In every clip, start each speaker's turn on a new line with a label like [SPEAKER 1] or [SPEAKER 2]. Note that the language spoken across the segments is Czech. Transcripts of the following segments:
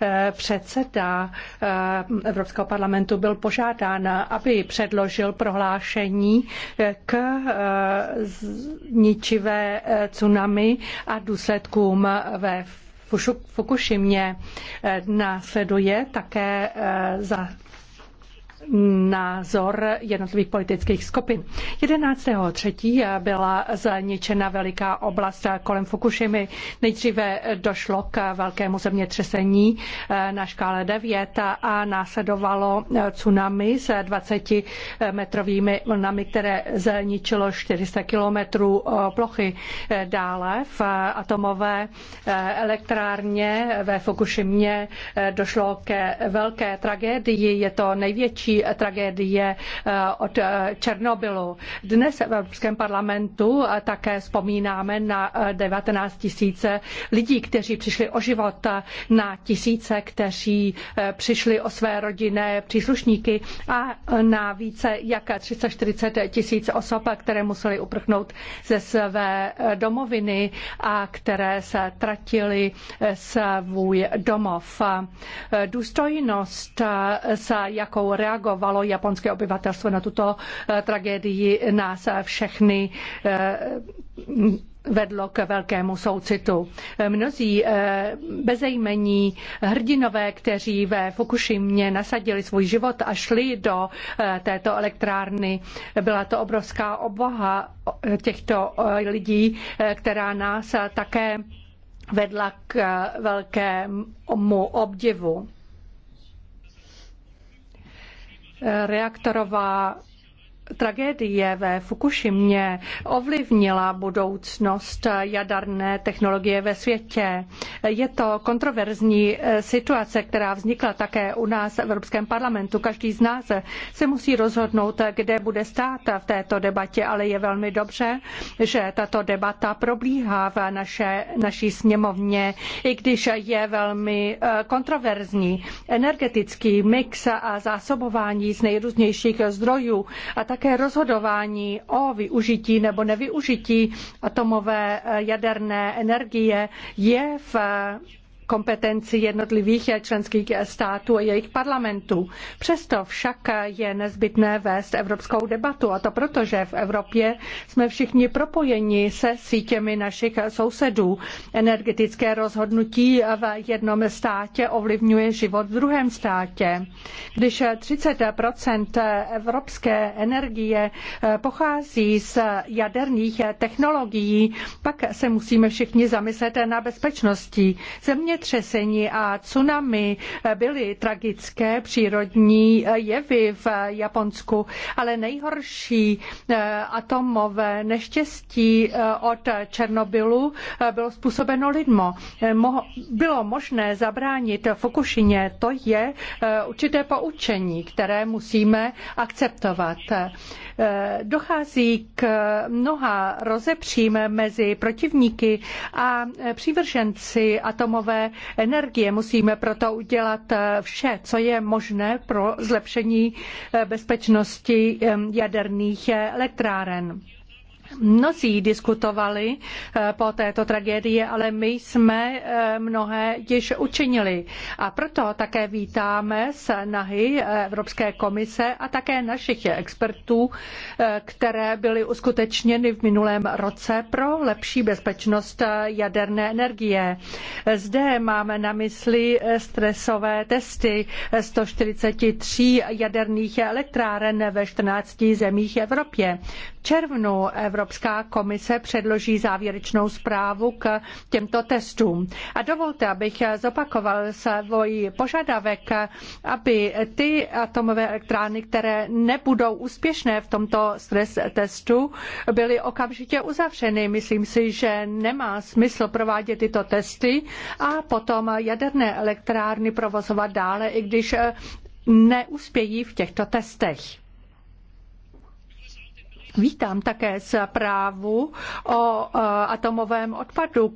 [SPEAKER 1] Eh, předseda eh, Evropského parlamentu byl požádán, aby předložil prohlášení eh, k ničivé tsunami a důsledkům ve Fukušimě. Následuje také za názor jednotlivých politických skupin. 11.3. byla zničena veliká oblast kolem Fukushimy. Nejdříve došlo k velkému zemětřesení na škále 9 a následovalo tsunami s 20 metrovými vlnami, které zničilo 400 kilometrů plochy. Dále v atomové elektrárně ve Fukushimě došlo ke velké tragédii. Je to největší největší tragédie eh, od eh, Černobylu. Dnes v Evropském parlamentu eh, také vzpomínáme na 19 tisíce lidí, kteří přišli o život, na tisíce, kteří přišli o své rodinné příslušníky a na více jak 340 tisíc osob, které museli uprchnout ze své domoviny a které se tratili svůj domov. Důstojnost, s jakou reagují reagovalo japonské obyvatelstvo na tuto eh, tragédii, nás všechny eh, vedlo k velkému soucitu. Mnozí eh, bezejmení hrdinové, kteří ve Fukushimě nasadili svůj život a šli do této elektrárny, byla to obrovská obvaha těchto lidí, která nás také vedla k velkému obdivu reaktorová tragédie ve Fukušimě ovlivnila budoucnost jaderné technologie ve světě. Je to kontroverzní eh, situace, která vznikla také u nás v Evropském parlamentu. Každý z nás se musí rozhodnout, kde bude stát v této debatě, ale je velmi dobře, že tato debata probíhá v naše, naší sněmovně, i když je velmi eh, kontroverzní. Energetický mix a zásobování z nejrůznějších zdrojů a také rozhodování o využití nebo nevyužití atomové eh, jaderné energie je v kompetenci jednotlivých členských států a jejich parlamentů. Přesto však je nezbytné vést evropskou debatu a to proto, že v Evropě jsme všichni propojeni se sítěmi našich sousedů. Energetické rozhodnutí v jednom státě ovlivňuje život v druhém státě. Když 30 evropské energie pochází z jaderných technologií, pak se musíme všichni zamyslet na bezpečnosti. Země zemětřesení a tsunami byly tragické přírodní jevy v Japonsku, ale nejhorší eh, atomové neštěstí eh, od Černobylu eh, bylo způsobeno lidmo. Bylo možné zabránit Fukušině, to je určité poučení, které musíme akceptovat. Eh, dochází k mnoha rozepřím mezi protivníky a eh, přívrženci atomové energie. Musíme proto udělat eh, vše, co je možné pro zlepšení bezpečnosti jaderných elektráren. Mnozí diskutovali eh, po této tragédii, ale my jsme eh, mnohé již učinili. A proto také vítáme snahy eh, Evropské komise a také našich expertů, které byly uskutečněny v minulém roce pro lepší bezpečnost jaderné energie. Zde máme na mysli stresové testy 143 jaderných elektráren ve 14 zemích Evropě. V červnu Evropa Evropská komise předloží závěrečnou zprávu k těmto testům. A dovolte, abych zopakoval svůj požadavek, aby ty atomové elektrárny, které nebudou úspěšné v tomto stres testu, byly okamžitě uzavřeny. Myslím si, že nemá smysl provádět tyto testy a potom jaderné elektrárny provozovat dále, i když neuspějí v těchto testech. Vítám také zprávu o e, atomovém odpadu,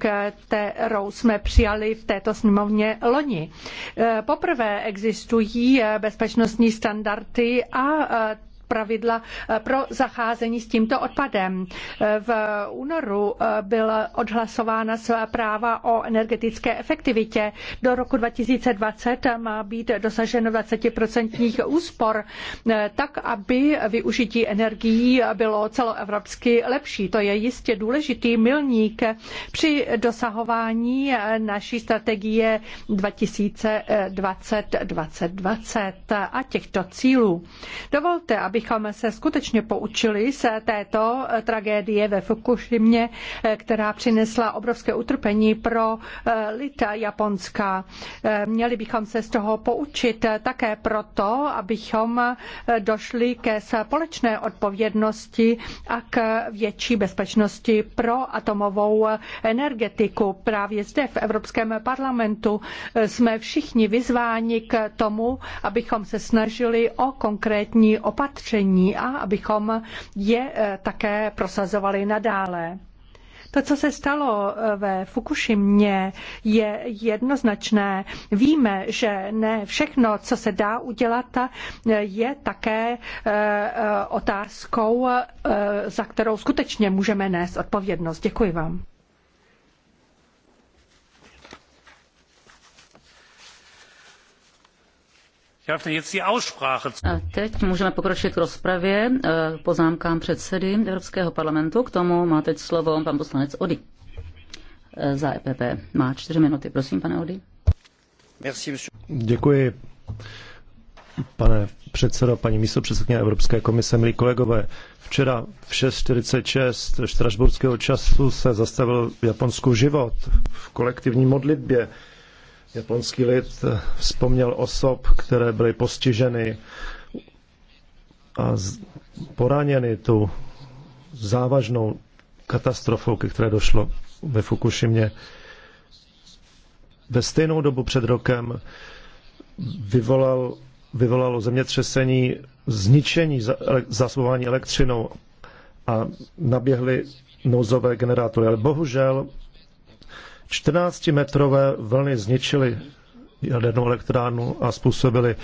[SPEAKER 1] kterou jsme přijali v této sněmovně loni. E, poprvé existují e, bezpečnostní standardy a pravidla eh, pro zacházení s tímto odpadem. Eh, v únoru eh, byla odhlasována zpráva o energetické efektivitě. Do roku 2020 má být dosaženo 20% úspor, tak aby využití energií bylo celoevropsky lepší. To je jistě důležitý milník při dosahování naší strategie 2020-2020 a těchto cílů. Dovolte, aby abychom se skutečně poučili z této tragédie ve Fukushimě, která přinesla obrovské utrpení pro eh, lid Japonska. Eh, měli bychom se z toho poučit také proto, abychom eh, došli ke společné odpovědnosti a k větší bezpečnosti pro atomovou energetiku. Právě zde v Evropském parlamentu jsme všichni vyzváni k tomu, abychom se snažili o konkrétní opatření opatření a abychom je eh, také prosazovali nadále. To, co se stalo eh, ve Fukušimě, je jednoznačné. Víme, že ne všechno, co se dá udělat, eh, je také otázkou, za kterou skutečně můžeme nést odpovědnost. Děkuji vám.
[SPEAKER 2] A
[SPEAKER 3] teď můžeme pokročit k rozpravě eh, k poznámkám předsedy Evropského parlamentu. K tomu má teď slovo pan poslanec Ody eh, za EPP. Má čtyři minuty. Prosím, pane Ody.
[SPEAKER 2] Děkuji. Pane předsedo, paní místopředsedkyně Evropské komise, milí kolegové, včera v 6.46 štrasburského času se zastavil v Japonsku život v kolektivní modlitbě Japonský lid vzpomněl osob, které byly postiženy a poraněny tu závažnou katastrofou, ke které došlo ve Fukušimě. Ve stejnou dobu před rokem vyvolal, vyvolalo zemětřesení zničení zásobování elektřinou a naběhly nouzové generátory. Ale bohužel 14-metrové vlny zničily jadernou elektrárnu a způsobily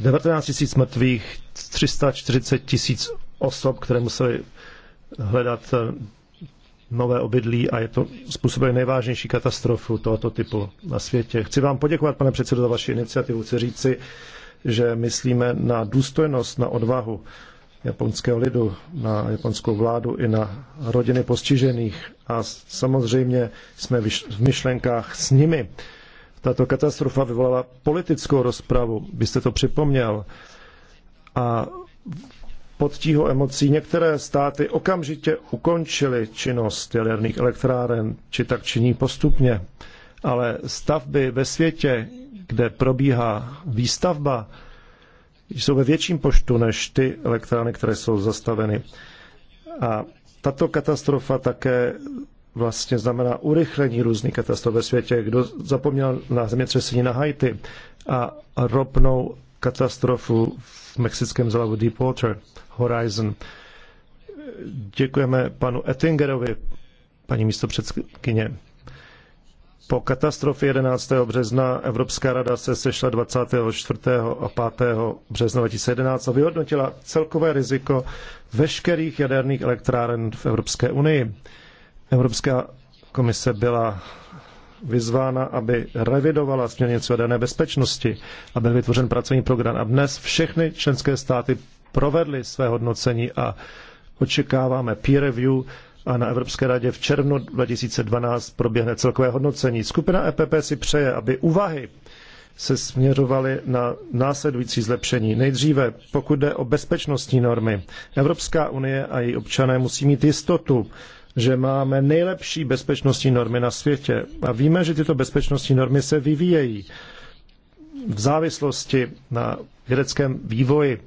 [SPEAKER 2] 19 tisíc mrtvých, 340 tisíc osob, které museli hledat eh, nové obydlí a je to způsobuje nejvážnější katastrofu tohoto typu na světě. Chci vám poděkovat, pane předsedo, za vaši iniciativu. Chci říci, že myslíme na důstojnost, na odvahu japonského lidu, na japonskou vládu i na rodiny postižených a samozřejmě jsme v myšlenkách s nimi. Tato katastrofa vyvolala politickou rozpravu, byste to připomněl, a pod tího emocí některé státy okamžitě ukončily činnost jaderných elektráren, či tak činí postupně. Ale stavby ve světě, kde probíhá výstavba, jsou ve větším poštu než ty elektrárny, které jsou zastaveny. A tato katastrofa také vlastně znamená urychlení různých katastrof ve světě. Kdo zapomněl na zemětřesení na Haiti a ropnou katastrofu v mexickém zálivu Deepwater Horizon. Děkujeme panu Ettingerovi, paní místo předsedkyně. Po katastrofě 11. března Evropská rada se sešla 24. a 5. března 2011 a vyhodnotila celkové riziko veškerých jaderných elektráren v Evropské unii. Evropská komise byla vyzvána, aby revidovala směrnici o dané bezpečnosti, byl vytvořen pracovní program. A dnes všechny členské státy provedly své hodnocení a očekáváme peer review a na Evropské radě v červnu 2012 proběhne celkové hodnocení. Skupina EPP si přeje, aby úvahy se směřovaly na následující zlepšení. Nejdříve, pokud jde o bezpečnostní normy, Evropská unie a její občané musí mít jistotu, že máme nejlepší bezpečnostní normy na světě. A víme, že tyto bezpečnostní normy se vyvíjejí v závislosti na vědeckém vývoji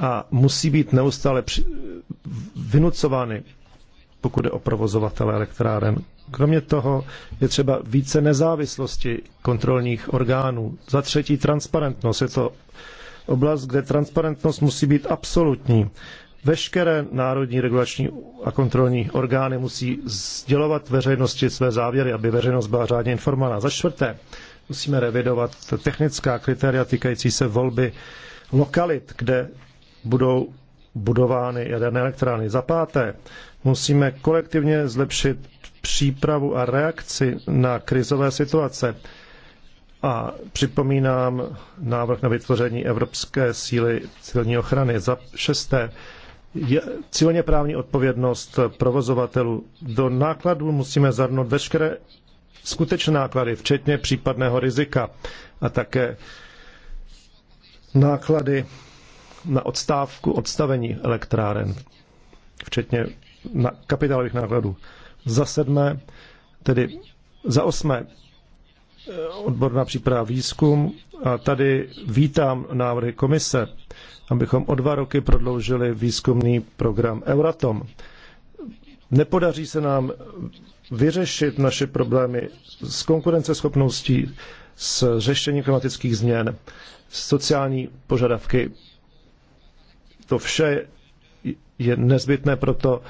[SPEAKER 2] a musí být neustále při... vynucovány pokud je o provozovatele elektráren. Kromě toho je třeba více nezávislosti kontrolních orgánů. Za třetí transparentnost. Je to oblast, kde transparentnost musí být absolutní. Veškeré národní regulační a kontrolní orgány musí sdělovat veřejnosti své závěry, aby veřejnost byla řádně informovaná. Za čtvrté, musíme revidovat technická kritéria týkající se volby lokalit, kde budou budovány jaderné elektrárny. Za páté, musíme kolektivně zlepšit přípravu a reakci na krizové situace. A připomínám návrh na vytvoření Evropské síly civilní ochrany. Za šesté, je civilně právní odpovědnost provozovatelů. Do nákladů musíme zahrnout veškeré skutečné náklady, včetně případného rizika a také náklady na odstávku, odstavení elektráren, včetně na kapitálových nákladů. Za sedmé, tedy za osmé, eh, odborná příprava výzkum. A tady vítám návrhy komise, abychom o dva roky prodloužili výzkumný program Euratom. Nepodaří se nám vyřešit naše problémy s konkurenceschopností, s řešením klimatických změn, sociální požadavky to vše je nezbytné pro to,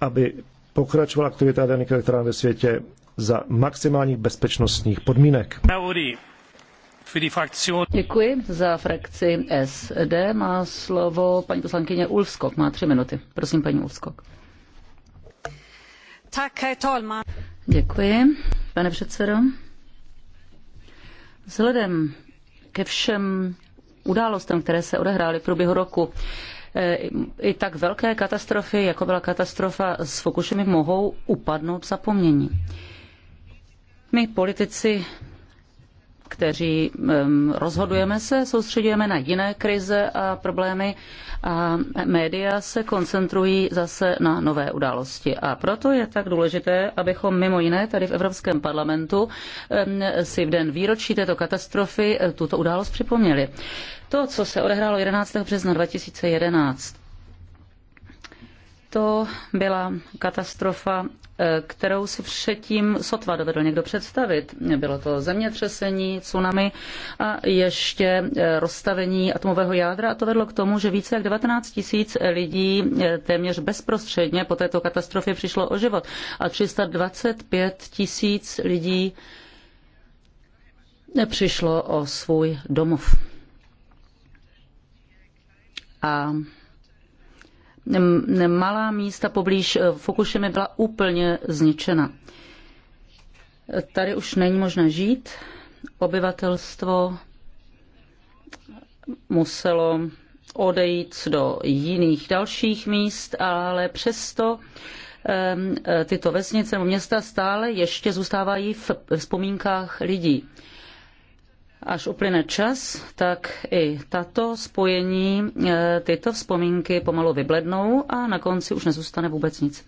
[SPEAKER 2] aby pokračovala aktivita jaderných elektráren ve světě za maximálních bezpečnostních podmínek.
[SPEAKER 3] Děkuji za frakci SD. Má slovo paní poslankyně Ulfskok. Má tři minuty. Prosím, paní Ulfskok.
[SPEAKER 1] Tak, talman.
[SPEAKER 3] Děkuji, pane předsedo. Vzhledem ke všem událostem, které se odehrály v průběhu roku. E, I tak velké katastrofy, jako byla katastrofa s Fukushimi, mohou upadnout v zapomnění. My politici kteří rozhodujeme se, soustředujeme na jiné krize a problémy a média se koncentrují zase na nové události. A proto je tak důležité, abychom mimo jiné tady v Evropském parlamentu si v den výročí této katastrofy e, tuto událost připomněli. To, co se odehrálo 11. března 2011, to byla katastrofa, Eh, kterou si předtím sotva dovedl někdo představit. Bylo to zemětřesení, tsunami a ještě eh, rozstavení atomového jádra a to vedlo k tomu, že více jak 19 tisíc lidí eh, téměř bezprostředně po této katastrofě přišlo o život a 325 tisíc lidí nepřišlo o svůj domov. A malá místa poblíž eh, Fukushimy byla úplně zničena. Tady už není možné žít. Obyvatelstvo muselo odejít do jiných dalších míst, ale přesto ehm, eh, tyto vesnice nebo města stále ještě zůstávají v vzpomínkách lidí. Až uplyne čas, tak i tato spojení, eh, tyto vzpomínky pomalu vyblednou a na konci už nezůstane vůbec nic.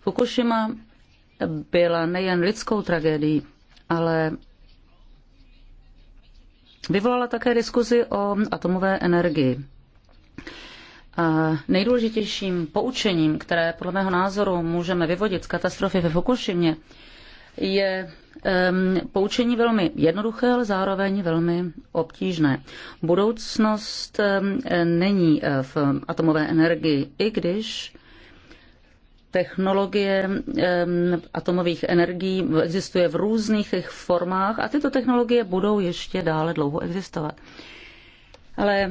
[SPEAKER 3] Fukushima byla nejen lidskou tragédií, ale vyvolala také diskuzi o atomové energii. A nejdůležitějším poučením, které podle mého názoru můžeme vyvodit z katastrofy ve Fukushimě, je poučení velmi jednoduché, ale zároveň velmi obtížné. Budoucnost není eh, v atomové energii, i když technologie atomových energií existuje v různých jejich formách a tyto technologie budou ještě dále dlouho existovat. Ale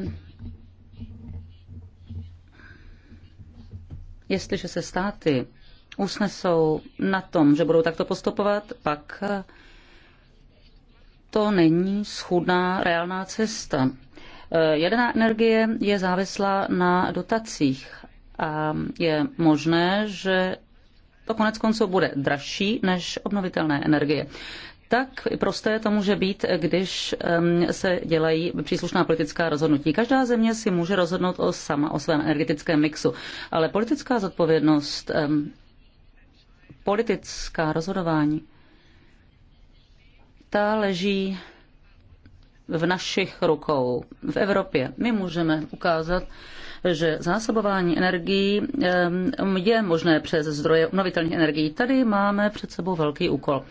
[SPEAKER 3] jestliže se státy usnesou na tom, že budou takto postupovat, pak to není schudná reálná cesta. Eh, Jaderná energie je závislá na dotacích a je možné, že to konec konců bude dražší než obnovitelné energie. Tak prosté to může být, když ehm, se dělají příslušná politická rozhodnutí. Každá země si může rozhodnout o sama o svém energetickém mixu, ale politická zodpovědnost ehm, politická rozhodování, ta leží v našich rukou v Evropě. My můžeme ukázat, že zásobování energií je možné přes zdroje obnovitelných energií. Tady máme před sebou velký úkol.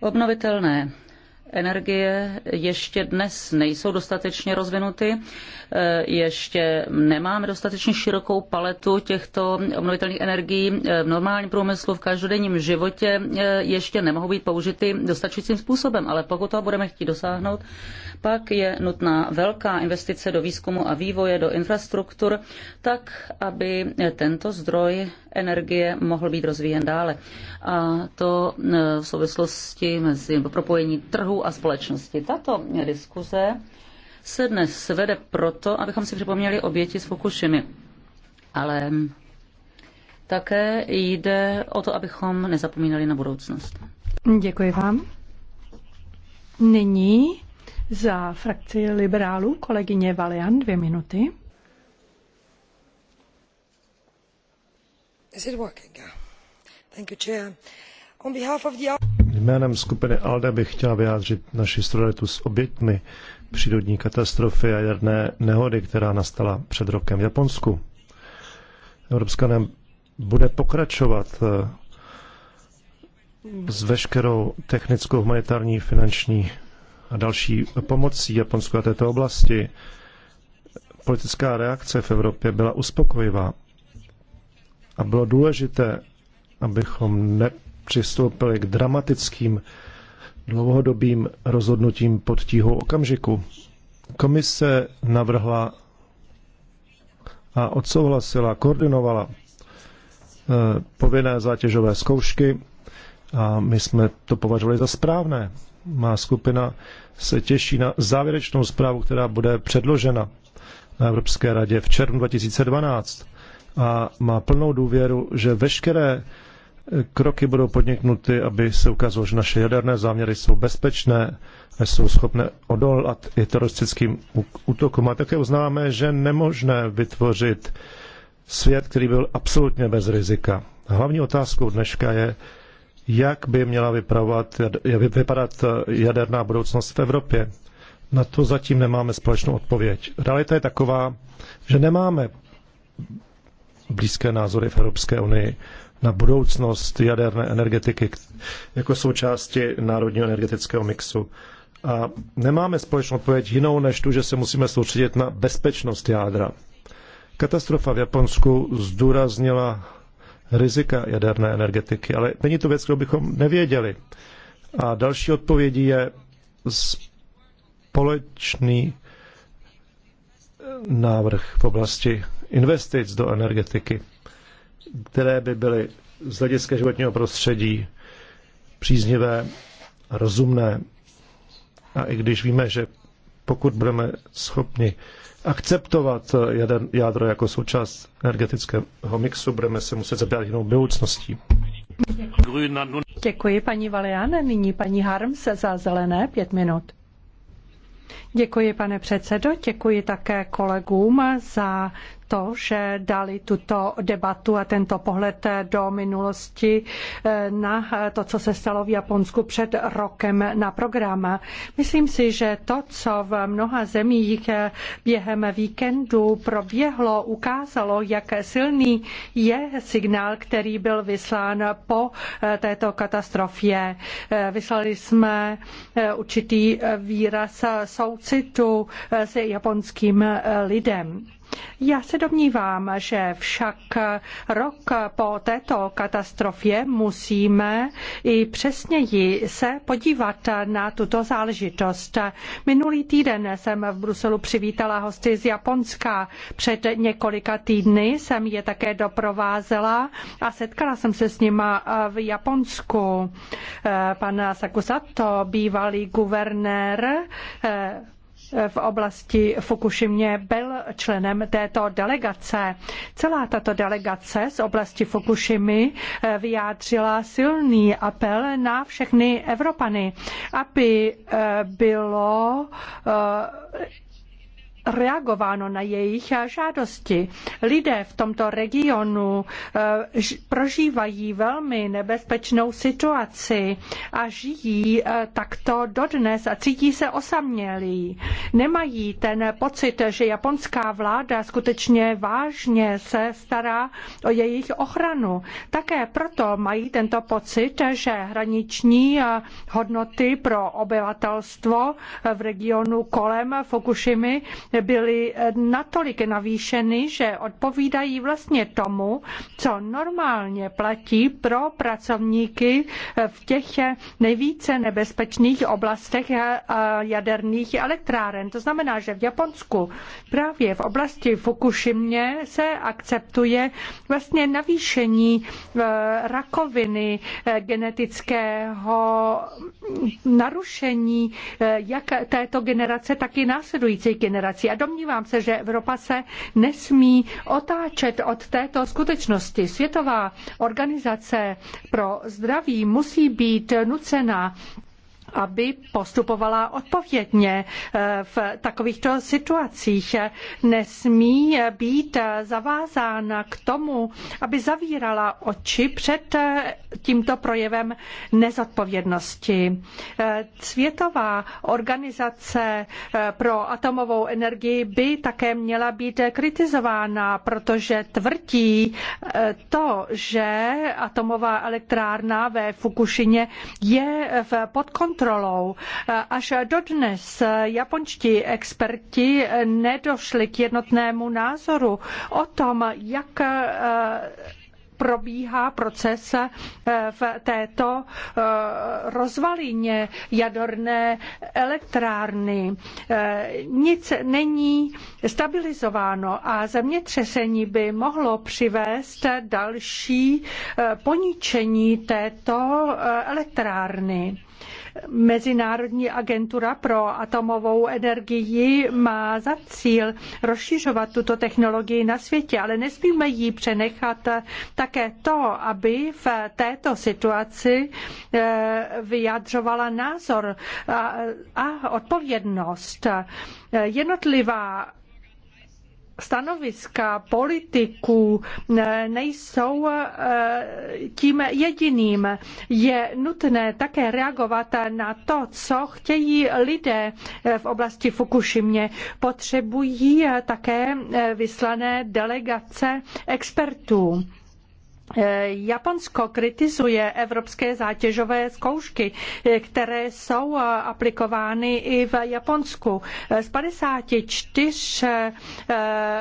[SPEAKER 3] Obnovitelné energie ještě dnes nejsou dostatečně rozvinuty, eh, ještě nemáme dostatečně širokou paletu těchto obnovitelných energií eh, v normálním průmyslu, v každodenním životě eh, ještě nemohou být použity dostačujícím způsobem, ale pokud to budeme chtít dosáhnout, pak je nutná velká investice do výzkumu a vývoje, do infrastruktur, tak, aby tento zdroj energie mohl být rozvíjen dále. A to v souvislosti mezi propojení trhu trhů a společnosti. Tato diskuze se dnes vede proto, abychom si připomněli oběti z Fukushimy. Ale také jde o to, abychom nezapomínali na budoucnost.
[SPEAKER 1] Děkuji vám. Nyní za frakci liberálů kolegyně Valian dvě minuty. Is it working? Thank you, Chair. On behalf of the...
[SPEAKER 2] Jménem skupiny ALDE bych chtěla vyjádřit naši solidaritu s obětmi přírodní katastrofy a jaderné nehody, která nastala před rokem v Japonsku. Evropská unie bude pokračovat eh, s veškerou technickou, humanitární, finanční a další pomocí Japonsku a této oblasti. Politická reakce v Evropě byla uspokojivá a bylo důležité, abychom ne přistoupili k dramatickým dlouhodobým rozhodnutím pod tíhou okamžiku. Komise navrhla a odsouhlasila, koordinovala eh, povinné zátěžové zkoušky a my jsme to považovali za správné. Má skupina se těší na závěrečnou zprávu, která bude předložena na Evropské radě v červnu 2012 a má plnou důvěru, že veškeré kroky budou podniknuty, aby se ukázalo, že naše jaderné záměry jsou bezpečné a jsou schopné odolat i teroristickým útokům. A také uznáváme, že nemožné vytvořit svět, který byl absolutně bez rizika. Hlavní otázkou dneška je, jak by měla vypadat, vypadat eh, jaderná budoucnost v Evropě. Na to zatím nemáme společnou odpověď. Realita je taková, že nemáme blízké názory v Evropské unii na budoucnost jaderné energetiky jako součásti národního energetického mixu. A nemáme společnou odpověď jinou než tu, že se musíme soustředit na bezpečnost jádra. Katastrofa v Japonsku zdůraznila rizika jaderné energetiky, ale není to věc, kterou bychom nevěděli. A další odpovědí je společný návrh v oblasti investic do energetiky které by byly z hlediska životního prostředí příznivé, rozumné. A i když víme, že pokud budeme schopni akceptovat jeden jádro jako součást energetického mixu, budeme se muset zabývat jinou budoucností.
[SPEAKER 1] Děkuji. paní Valiane. Nyní paní Harm se za zelené pět minut. Děkuji, pane předsedo, děkuji také kolegům za to, že dali tuto debatu a tento pohled do minulosti eh, na to, co se stalo v Japonsku před rokem na program. Myslím si, že to, co v mnoha zemích eh, během víkendu proběhlo, ukázalo, jak silný je signál, který byl vyslán po eh, této katastrofě. Vyslali jsme určitý výraz soucitu s japonským lidem. Já se domnívám, že však rok po této katastrofě musíme i přesněji se podívat na tuto záležitost. Minulý týden jsem v Bruselu přivítala hosty z Japonska. Před několika týdny jsem je také doprovázela a setkala jsem se s nima v Japonsku. Pan Sakusato, bývalý guvernér v oblasti Fukušimě byl členem této delegace. Celá tato delegace z oblasti Fukušimy eh, vyjádřila silný apel na všechny Evropany, aby eh, bylo eh, reagováno na jejich žádosti. Lidé v tomto regionu eh, prožívají velmi nebezpečnou situaci a žijí eh, takto dodnes a cítí se osamělí. Nemají ten pocit, že japonská vláda skutečně vážně se stará o jejich ochranu. Také proto mají tento pocit, že hraniční eh, hodnoty pro obyvatelstvo v regionu kolem Fukushimy byly eh, natolik navýšeny, že odpovídají vlastně tomu, co normálně platí pro pracovníky eh, v těch nejvíce nebezpečných oblastech eh, jaderných elektráren. To znamená, že v Japonsku právě v oblasti Fukušimy, se akceptuje vlastně navýšení rakoviny genetického mm, narušení jak této generace, tak i následující generace věcí. A domnívám se, že Evropa se nesmí otáčet od této skutečnosti. Světová organizace pro zdraví musí být nucena aby postupovala odpovědně eh, v takovýchto situacích. Nesmí být zavázána k tomu, aby zavírala oči před eh, tímto projevem nezodpovědnosti. Eh, Světová organizace pro atomovou energii by také měla být kritizována, protože tvrdí to, že atomová elektrárna ve Fukušině je v kontrolou kontrolou. Až dodnes japonští experti nedošli k jednotnému názoru o tom, jak eh, probíhá proces eh, v této eh, rozvalině jaderné elektrárny. Nic není stabilizováno a zemětřesení by mohlo přivést další poničení této elektrárny. Mezinárodní agentura pro atomovou energii má za cíl rozšiřovat tuto technologii na světě, ale nesmíme jí přenechat také to, aby v této situaci eh, vyjadřovala názor a odpovědnost. Jednotlivá stanoviska politiků eh, nejsou eh, tím jediným. Je nutné také reagovat na to, co chtějí lidé eh, v oblasti Fukušimě. Potřebují také vyslané delegace expertů. Eh, Japonsko kritizuje evropské zátěžové zkoušky, eh, které jsou eh, aplikovány i v Japonsku. Z 54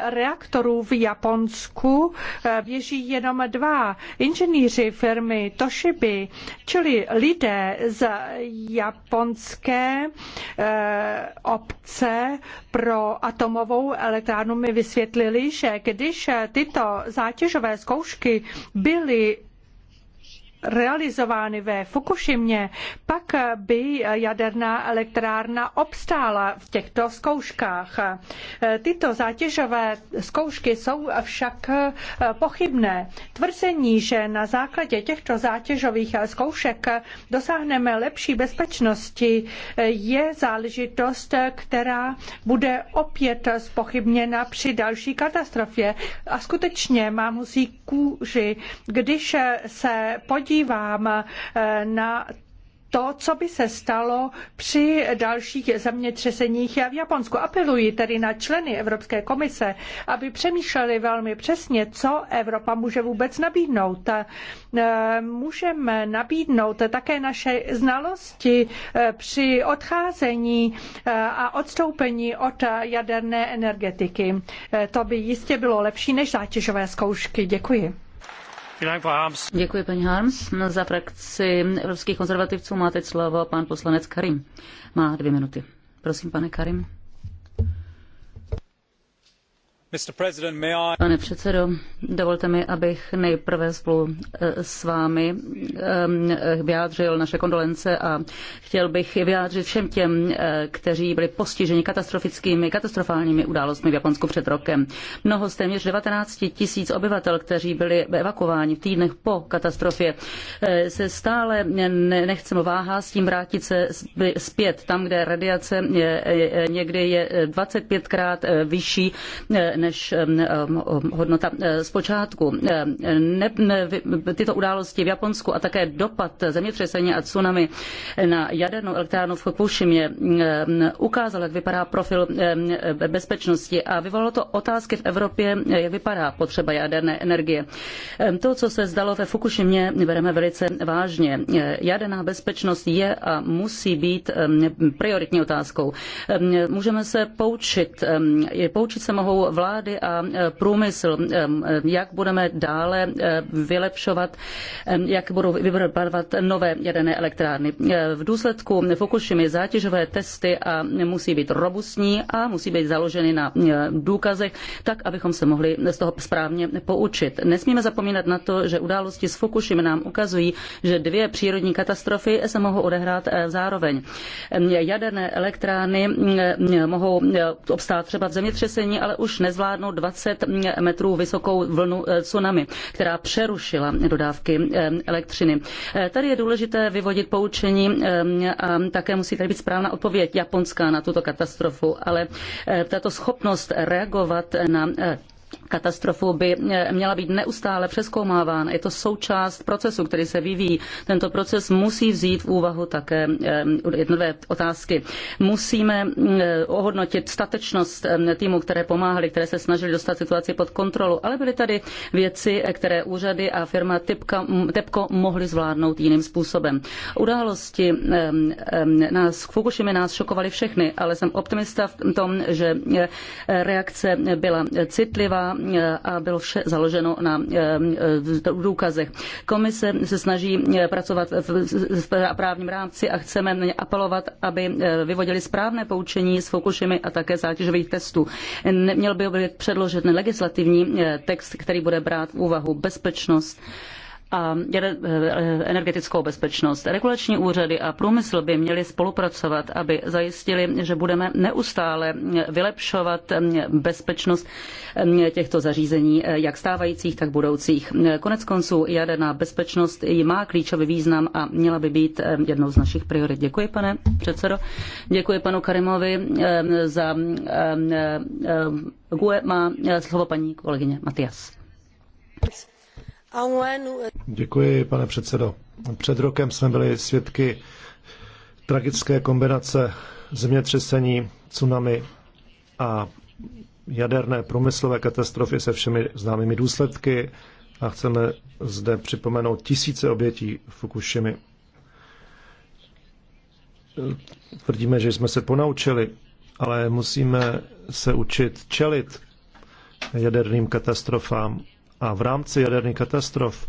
[SPEAKER 1] reaktorů v Japonsku běží jenom dva. Inženýři firmy Toshiba, čili lidé z japonské obce pro atomovou elektrárnu mi vysvětlili, že když tyto zátěžové zkoušky byly realizovány ve Fukušimě, pak by jaderná elektrárna obstála v těchto zkouškách. Tyto zátěžové zkoušky jsou však pochybné. Tvrzení, že na základě těchto zátěžových zkoušek dosáhneme lepší bezpečnosti, je záležitost, která bude opět zpochybněna při další katastrofě. A skutečně mám husí kůži, když se podívám podívám eh, na to, co by se stalo při dalších zemětřeseních v Japonsku. Apeluji tedy na členy Evropské komise, aby přemýšleli velmi přesně, co Evropa může vůbec nabídnout. Eh, můžeme nabídnout také naše znalosti eh, při odcházení a odstoupení od jaderné energetiky. To by jistě bylo lepší než zátěžové zkoušky. Děkuji.
[SPEAKER 3] Děkuji, paní Harms. Za frakci evropských konzervativců máte slovo pan poslanec Karim. Má dvě minuty. Prosím, pane Karim. Pane předsedo, dovolte mi, abych nejprve spolu eh, s vámi ehm, eh, vyjádřil naše kondolence a chtěl bych vyjádřit všem těm, eh, kteří byli postiženi katastrofickými, katastrofálními událostmi v Japonsku před rokem. Mnoho z téměř 19 tisíc obyvatel, kteří byli evakuováni v týdnech po katastrofě, se stále nechceme váhá s tím vrátit se zpět tam, kde radiace někdy je 25krát vyšší než hodnota eh, zpočátku. Ne, ne, tyto události v Japonsku a také dopad zemětřesení a tsunami na jadernou elektrárnu v Fukushimě ukázal, jak vypadá profil bezpečnosti a vyvolalo to otázky v Evropě, jak vypadá potřeba jaderné energie. To, co se zdalo ve Fukushimě, bereme velice vážně. Jaderná bezpečnost je a musí být prioritní otázkou. Můžeme se poučit. Poučit se mohou vlády vlády a e, průmysl, e, e, jak budeme dále vylepšovat, jak budou vypadat nové jaderné elektrárny. V důsledku Fukushimy zátěžové testy a musí být robustní a musí být založeny na důkazech, tak abychom se mohli z toho správně poučit. Nesmíme zapomínat na to, že události s Fukushimy nám ukazují, že dvě přírodní katastrofy se mohou odehrát zároveň. Jaderné elektrárny mohou obstát třeba v zemětřesení, ale už nezvládají zvládnout 20 metrů vysokou vlnu eh, tsunami, která přerušila dodávky eh, elektřiny. Eh, tady je důležité vyvodit poučení a také musí tady být správná odpověď japonská na tuto katastrofu, ale tato schopnost reagovat na katastrofu by eh, měla být neustále přeskoumávána. Je to součást procesu, který se vyvíjí. Tento proces musí vzít v úvahu také eh, jednotlivé otázky. Musíme eh, ohodnotit statečnost týmu, které pomáhali, které se snažili dostat situaci pod kontrolu, ale byly tady věci, které úřady a firma Tepka, Tepko mohly zvládnout jiným způsobem. Události nás, Fukushima nás šokovaly všechny, ale jsem optimista v tom, že reakce byla citlivá, a bylo vše založeno na eh, eh, důkazech. Komise se snaží eh, pracovat v právním rámci a chceme na ně apelovat, aby vyvodili správné poučení s Fukushimy a také zátěžových testů. Neměl by být předložen legislativní text, který bude brát v úvahu bezpečnost, a eh, eh, energetickou bezpečnost. Regulační úřady a průmysl by měli spolupracovat, aby zajistili, že budeme neustále vylepšovat eh, bezpečnost těchto zařízení, jak stávajících, tak budoucích. Konec konců jaderná bezpečnost má klíčový význam a měla by být jednou z našich priorit. Děkuji, pane předsedo. Děkuji panu Karimovi za GUE má slovo paní kolegyně Matias.
[SPEAKER 2] Děkuji, pane předsedo. Před rokem jsme byli svědky tragické kombinace zemětřesení, tsunami a jaderné průmyslové katastrofy se všemi známými důsledky a chceme zde připomenout tisíce obětí Fukushimy. Tvrdíme, že jsme se ponaučili, ale musíme se učit čelit jaderným katastrofám a v rámci jaderných katastrof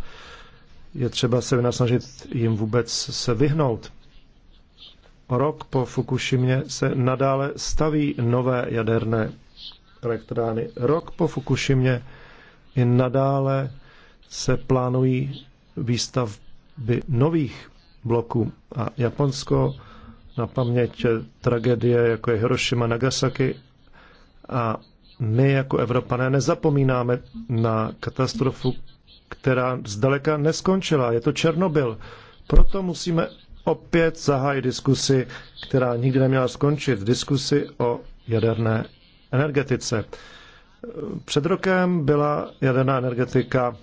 [SPEAKER 2] je třeba se vynasnažit jim vůbec se vyhnout. Rok po Fukushimě se nadále staví nové jaderné elektrárny. Rok po Fukushimě i nadále se plánují výstavby nových bloků a Japonsko na paměť tragédie, jako je Hiroshima, Nagasaki a my jako Evropané nezapomínáme na katastrofu, která zdaleka neskončila. Je to Černobyl. Proto musíme opět zahájit diskusi, která nikdy neměla skončit. Diskusi o jaderné energetice. Před rokem byla jaderná energetika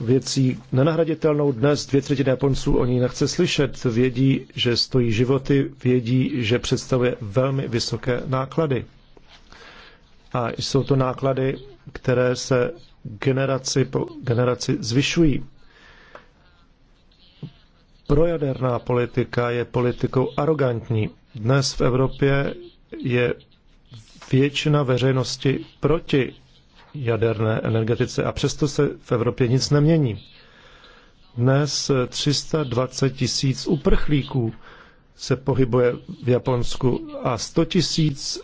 [SPEAKER 2] věcí nenahraditelnou. Dnes dvě třetiny Japonců o ní nechce slyšet. Vědí, že stojí životy, vědí, že představuje velmi vysoké náklady. A jsou to náklady, které se generaci po generaci zvyšují. Projaderná politika je politikou arrogantní. Dnes v Evropě je většina veřejnosti proti jaderné energetice a přesto se v Evropě nic nemění. Dnes 320 tisíc uprchlíků se pohybuje v Japonsku a 100 tisíc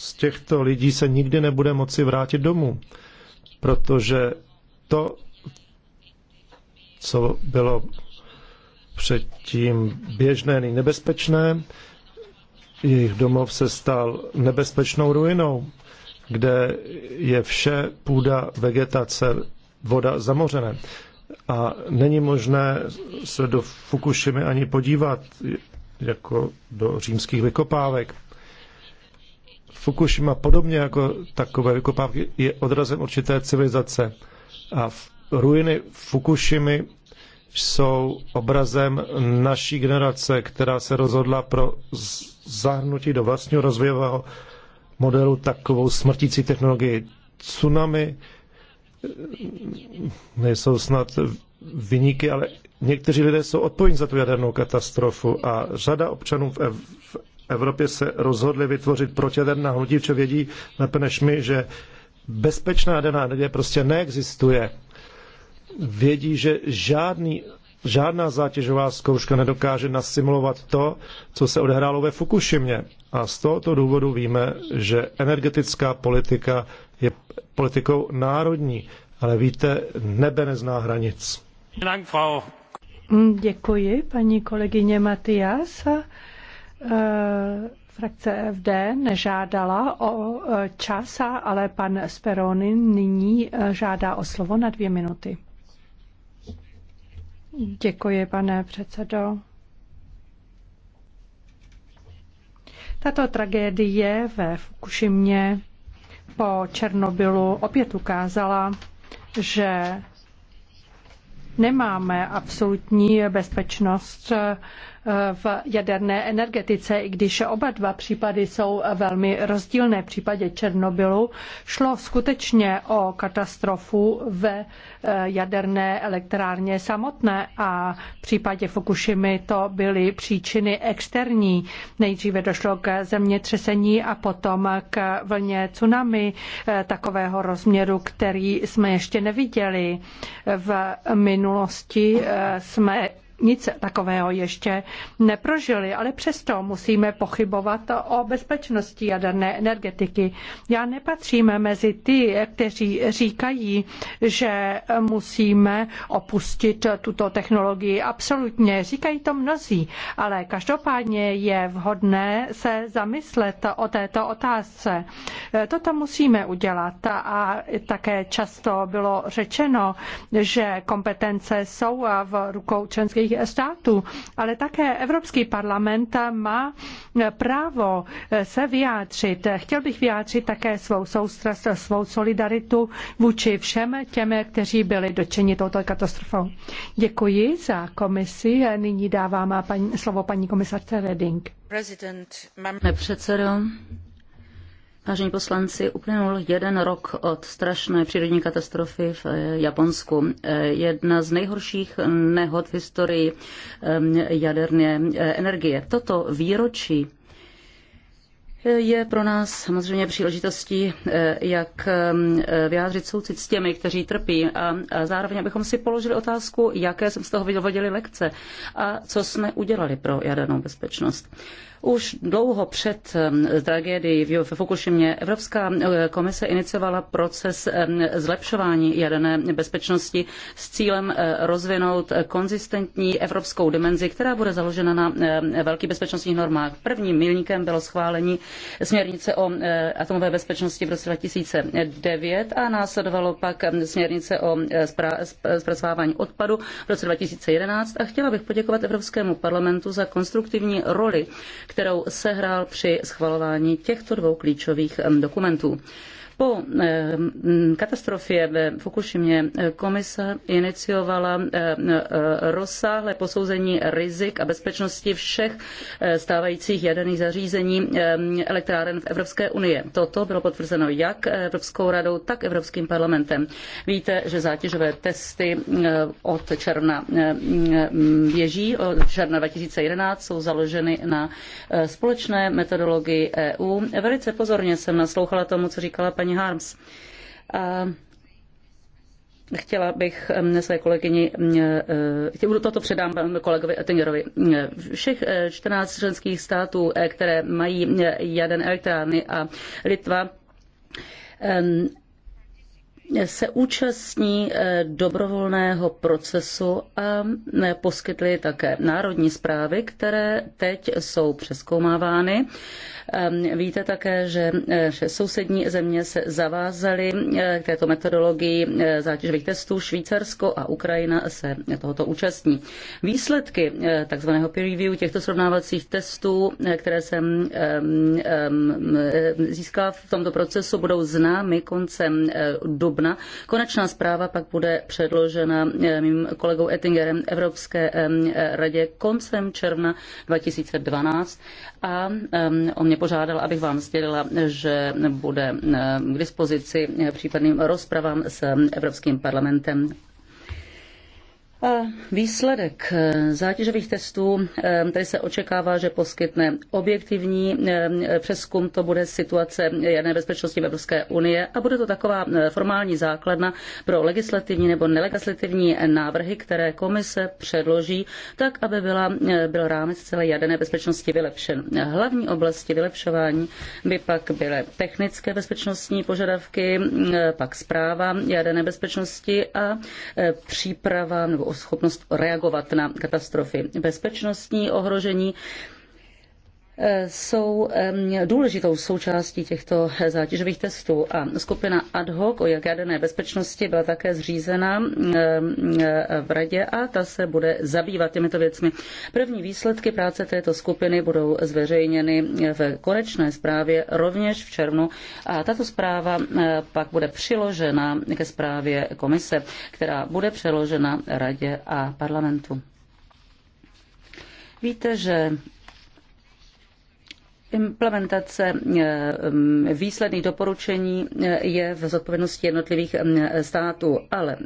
[SPEAKER 2] z těchto lidí se nikdy nebude moci vrátit domů, protože to, co bylo předtím běžné i nebezpečné, jejich domov se stal nebezpečnou ruinou, kde je vše půda, vegetace, voda zamořené. A není možné se do Fukushimy ani podívat jako do římských vykopávek. Fukushima, podobně jako takové vykopávky, je odrazem určité civilizace. A ruiny Fukushimy jsou obrazem naší generace, která se rozhodla pro zahrnutí do vlastního rozvojového modelu takovou smrtící technologii. Tsunami eh, nejsou snad vyníky, ale někteří lidé jsou odpovědní za tu jadernou katastrofu a řada občanů v Evropě se rozhodli vytvořit protijaderná hnutí, protože vědí lépe než my, že bezpečná jaderná energie prostě neexistuje. Vědí, že žádný, žádná zátěžová zkouška nedokáže nasimulovat to, co se odehrálo ve Fukušimě. A z tohoto důvodu víme, že energetická politika je politikou národní, ale víte, nebe nezná hranic.
[SPEAKER 1] Děkuji, paní kolegyně Matias. Eh, frakce FD nežádala o eh, čas, ale pan Speroni nyní eh, žádá o slovo na dvě minuty. Děkuji, pane předsedo. Tato tragédie ve Fukušimě po Černobylu opět ukázala, že nemáme absolutní bezpečnost v jaderné energetice, i když oba dva případy jsou velmi rozdílné. V případě Černobylu šlo skutečně o katastrofu ve eh, jaderné elektrárně samotné a v případě Fukushimy to byly příčiny externí. Nejdříve došlo k zemětřesení a potom k vlně tsunami eh, takového rozměru, který jsme ještě neviděli. V minulosti eh, jsme nic takového ještě neprožili, ale přesto musíme pochybovat o bezpečnosti jaderné energetiky. Já nepatřím mezi ty, kteří říkají, že musíme opustit tuto technologii. Absolutně, říkají to mnozí, ale každopádně je vhodné se zamyslet o této otázce. Toto musíme udělat a také často bylo řečeno, že kompetence jsou v rukou členských členských států, ale také Evropský parlament má právo se vyjádřit. Chtěl bych vyjádřit také svou soustrast, svou solidaritu vůči všem těm, kteří byli dotčeni touto katastrofou. Děkuji za komisi. Nyní dávám paní, slovo paní komisarce Reding. Pane předsedo,
[SPEAKER 3] Vážení poslanci, uplynul jeden rok od strašné přírodní katastrofy v eh, Japonsku. Eh, jedna z nejhorších nehod v historii eh, jaderné energie. Toto výročí je pro nás samozřejmě příležitostí, jak vyjádřit soucit s těmi, kteří trpí a zároveň, abychom si položili otázku, jaké jsme z toho vyvodili lekce a co jsme udělali pro jadernou bezpečnost. Už dlouho před tragédií v Fukušimě Evropská komise iniciovala proces zlepšování jaderné bezpečnosti s cílem e, rozvinout konzistentní evropskou dimenzi, která bude založena na velkých bezpečnostních normách. Prvním milníkem bylo schválení směrnice o e, atomové bezpečnosti v roce 2009 a následovalo pak směrnice o e, zpracovávání odpadu v roce 2011 a chtěla bych poděkovat Evropskému parlamentu za konstruktivní roli, kterou sehrál při schvalování těchto dvou klíčových dokumentů. Po eh, katastrofě ve Fukušimě eh, komise iniciovala eh, rozsáhlé posouzení rizik a bezpečnosti všech stávajících jaderných zařízení elektráren v Evropské unii. Toto bylo potvrzeno jak Evropskou radou, tak Evropským parlamentem. Víte, že zátěžové testy od června běží, od června 2011 jsou založeny na společné metodologii EU. Velice pozorně jsem naslouchala tomu, co říkala paní paní Harms. A eh, Chtěla bych své kolegyni, eh, eh, toto předám panu kolegovi Ettingerovi. Všech 14 členských států, které mají jeden elektrárny a Litva, se účastní eh, dobrovolného procesu a eh, poskytly také národní zprávy, které teď jsou přeskoumávány. Eh, víte také, že sousední země se zavázaly k této metodologii zátěžových testů. Švýcarsko a Ukrajina se tohoto účastní. Výsledky tzv. peer review těchto srovnávacích testů, které jsem získala v tomto procesu, budou známy koncem dubna dubna. Konečná zpráva pak bude předložena eh, mým kolegou Ettingerem Evropské eh, radě koncem června 2012 a on mě požádal, abych vám sdělila, že bude k dispozici eh, případným rozpravám s Evropským parlamentem Výsledek eh, zátěžových testů, eh, tady se očekává, že poskytne objektivní eh, přeskum, to bude situace jaderné bezpečnosti v Evropské unie a bude to taková formální základna pro legislativní nebo nelegislativní návrhy, které komise předloží, tak aby byla, byl rámec celé jaderné bezpečnosti vylepšen. Hlavní oblasti vylepšování by pak byly technické bezpečnostní požadavky, pak zpráva jaderné bezpečnosti a příprava nebo schopnost reagovat na katastrofy. Bezpečnostní ohrožení jsou důležitou součástí těchto zátěžových testů. A skupina ad hoc o jaderné bezpečnosti byla také zřízena v radě a ta se bude zabývat těmito věcmi. První výsledky práce této skupiny budou zveřejněny v konečné zprávě rovněž v červnu a tato zpráva pak bude přiložena ke zprávě komise, která bude přeložena radě a parlamentu. Víte, že Implementace eh, mm, výsledných doporučení eh, je v zodpovědnosti jednotlivých mm, států, ale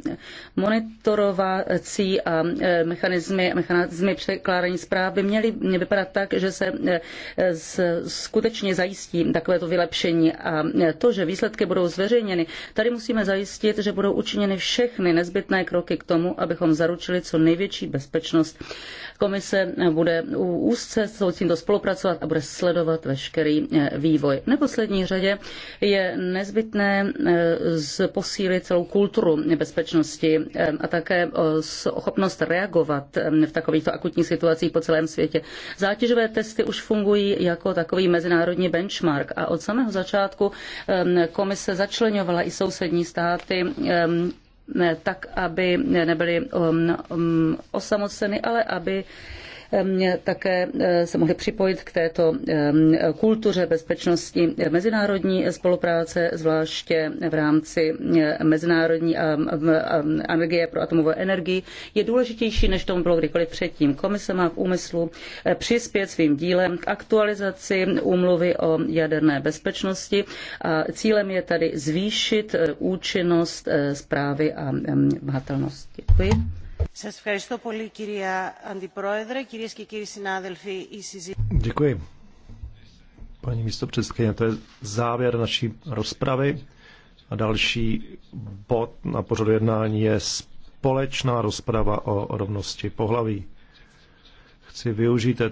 [SPEAKER 3] monitorovací a eh, mechanizmy, mechanizmy překládání zpráv by měly vypadat tak, že se skutečně zajistí takovéto vylepšení a to, že výsledky budou zveřejněny, tady musíme zajistit, že budou učiněny všechny nezbytné kroky k tomu, abychom zaručili co největší bezpečnost Komise bude úzce s tímto spolupracovat a bude sledovat veškerý eh, vývoj. V neposlední řadě je nezbytné eh, posílit celou kulturu bezpečnosti eh, a také schopnost reagovat v takovýchto akutních situacích po celém světě. Zátěžové testy už fungují jako takový mezinárodní benchmark a od samého začátku komise začlenovala i sousední státy tak aby nebyly um, um, osamoceny, ale aby Ehm, také eh, se mohli připojit k této ehm, kultuře bezpečnosti mezinárodní spolupráce, zvláště v rámci eh, mezinárodní energie pro atomovou energii, je důležitější, než tomu bylo kdykoliv předtím. Komise má v úmyslu eh, přispět svým dílem k aktualizaci úmluvy o jaderné bezpečnosti a cílem je tady zvýšit účinnost zprávy a hmatelnost. Děkuji.
[SPEAKER 2] Děkuji. Paní místo předsedkyně, to je závěr naší rozpravy. A další bod na pořadu jednání je společná rozprava o rovnosti pohlaví. Chci využít této